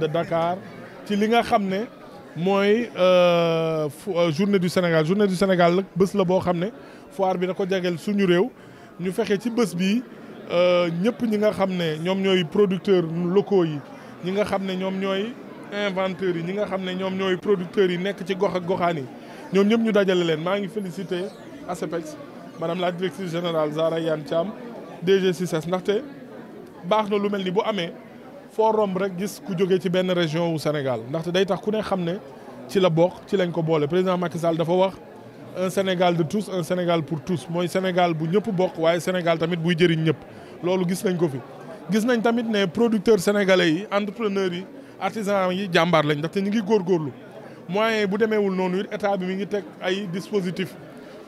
de Dakar ci li nga xam ne mooy euh, euh, journée du Sénégal journée du Sénégal nag bés la boo xam ne foire bi da ko jageel suñu réew ñu fexe ci bës bi euh, ñëpp ñi nga xam ne ñoom ñooy producteurs locaux yi ñi nga xam ne ñoom ñooy inventeurs yi ñi nga xam ne ñoom ñooy producteurs yi nekk ci gox ak goxaan yi ñoom ñëpp ñu dajale leen maa ngi félicité ASEPEX madame la directrice général Zahra Iyane Thiam DG CICES ndaxte baax na lu mel ni bu amee boo romb rek gis ku jógee ci benn région wu Sénégal ndaxte day tax ku ne xam ne ci la bokk ci lañ ko boole président Macky Sall dafa wax Sénégal de tous Sénégal pour tous mooy Sénégal bu ñëpp bokk waaye Sénégal tamit buy jëriñ ñëpp loolu gis nañ ko fi. gis nañ tamit ne producteurs sénégalais yi entrepreneurs yi artisans yi jàmbaar lañ ndaxte ñu ngi góorgóorlu moyens bu demeewul noonu it état bi mi ngi teg ay dispositifs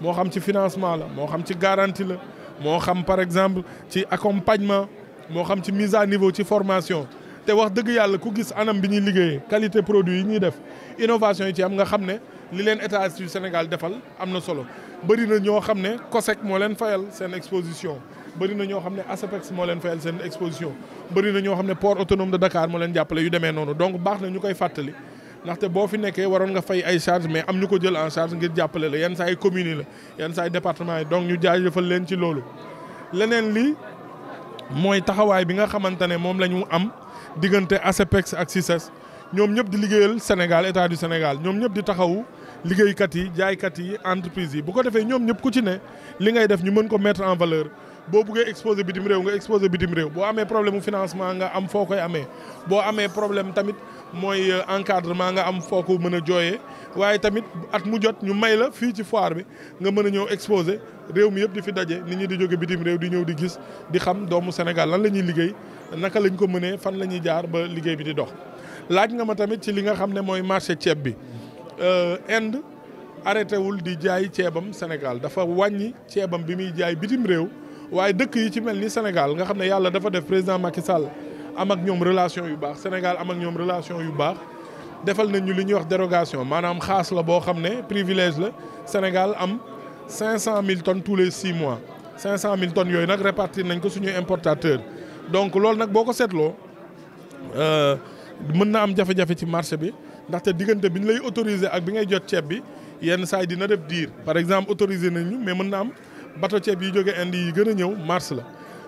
moo xam ci financement la moo xam ci garantie la moo xam par exemple ci accompagnement moo xam ci mise à niveau ci formation te wax dëgg yàlla ku gis anam bi ñuy liggéeyee qualité produit yi ñuy def innovation yi ci am nga xam ne li leen état du Sénégal defal am na solo bëri na ñoo xam ne COSEC moo leen fayal seen exposition bëri na ñoo xam ne ASEPEX moo leen fayal seen exposition bëri na ñoo xam ne port autonome de Dakar moo leen jàppale yu demee noonu donc baax na ñu koy fàttali ndaxte boo fi nekkee waroon nga fay ay charge mais am ñu ko jël en charge ngir jàppale la yenn saa ay yi la yenn saa ay département yi donc ñu jaajëfal leen ci loolu mooy taxawaay bi nga xamante ne moom la ñu am diggante ASEPEX ak CICES ñoom ñëpp di liggéeyal Sénégal état du Sénégal ñoom ñëpp di taxawu liggéeykat yi jaaykat yi entreprise yi bu ko defee ñoom ñëpp ku ci ne li ngay def ñu mën ko mettre en valeur boo buggee exposé bitim réew nga exposé bitim réew boo amee problème mu financement nga am foo koy amee boo amee problème tamit mooy euh, maa nga am foo ko mën a jooyee waaye tamit at mu jot ñu may la fii ci foire bi nga mën a ñëw exposé réew mi yëpp di fi daje ni ñi di jóge bitim réew di ñëw di gis di xam doomu Sénégal lan la ñuy liggéey naka lañ ko mënee fan la ñuy jaar ba liggéey bi di dox. laaj nga ma tamit ci li nga xam ne mooy marché ceeb bi euh, Inde arrêté wul di jaay ceebam Sénégal dafa wàññi ceebam bi muy jaay bitim réew waaye dëkk yi ci mel ni Sénégal nga xam ne yàlla dafa def président Macky Sall am ak ñoom relation yu baax Sénégal am ñoom relation yu baax. defal nañ ñu li ñuy wax dérogation maanaam xaas la boo xam ne privilège la Sénégal am 500000 tonnes tous les 6 mois 500000 tonnes yooyu nag répartir nañ ko suñuy importateur donc loolu nag boo ko seetloo euh, mën na am jafe-jafe ci marché bi ndaxte diggante bi ñu lay autorisé ak bi ngay jot ceeb bi yenn saa yi dina def diir par exemple autorisé nañu mais mën na am bato ceeb yi jóge Inde yi gën a ñëw mars la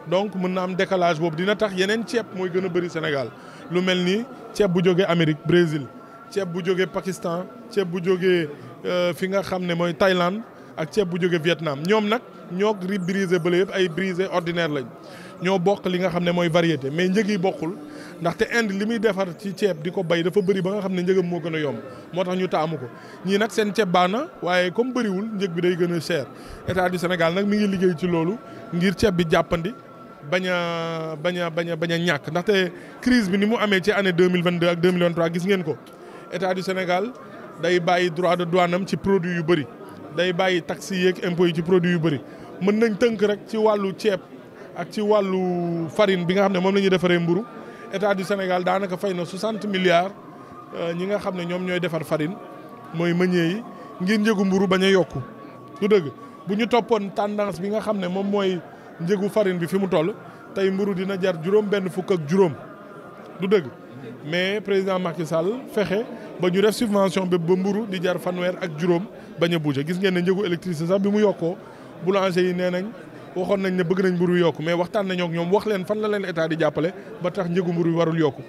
donc mën na am décalage boobu dina tax yeneen ceeb mooy gën a bëri Sénégal lu mel ni ceeb bu jóge Amérique Brésil ceeb bu jógee Pakistan ceeb bu jógee euh, fi nga xam ne mooy Thaïlande ak ceeb bu jógee Vietnam ñoom nag ñoo ri brisé bële yëpp ay brisé ordinaire lañ ñoo bokk li nga xam ne mooy variété mais njëg yi bokkul ndaxte Inde li muy defar ci ceeb di ko bay dafa bëri ba nga xam ne njëgam moo gën a yomb moo tax ñu taamu ko ñii nag seen ceeb baax na waaye comme bariwul njëg bi day gën a cher état du Sénégal nag mi ngi liggéey ci loolu ngir ceeb bi jàppandi bañ a bañ a ñàkk ndaxte crise bi ni mu amee ci année deux mille vingt deux gis ngeen ko. état du Sénégal day bàyyi droit de douane am ci produit yu bëri day bàyyi taxes yéeg impôts yi ci produit yu bëri mën nañ tënk rek ci wàllu ceeb ak ci wàllu farine bi nga xam ne moom la defaree mburu état du Sénégal daanaka fay na 60 milliards euh, ñi nga xam ne ñoom ñooy defar farine mooy meññee yi ngir njëgu mburu bañ a yokku du dëgg bu ñu toppoon tendance bi nga xam ne moom mooy njégu farine bi fi mu toll tey mburu dina jar juróom benn fukk ak juróom du dëgg mais président Macky Sall fexe ba ñu def subvention bi ba mburu di jar fanweer ak juróom bañ a bouger gis ngeen ne njegu électricité sax bi mu yokkoo boulanger yi nee nañ waxoon nañ ne bëgg nañ mburu yokk mais waxtaan nañoo ñoom wax leen fan la leen état di jàppale ba tax njegu mburu yi warul yokku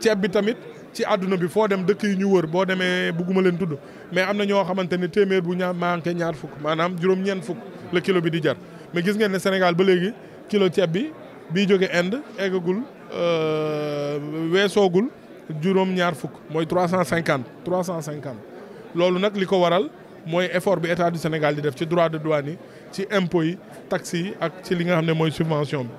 ceeb bi tamit ci àdduna bi foo dem dëkk yi ñu wër boo demee bugguma leen tudd mais am na ñoo xamante ne téeméer bu ñaa manqué ñaar fukk maanaam juróom-ñeent fukk la kilo bi di jar mais gis ngeen ne Sénégal ba léegi kilo ceeb bi bii jóge Inde eggagul Euh, weesoogul juróom-ñaar fukk mooy trois cent cinquante trois cent cinquante loolu nag li ko waral mooy effort bi état du Sénégal di def ci droit de douane yi ci impôts yi taxes yi ak ci li nga xam ne mooy subvention bi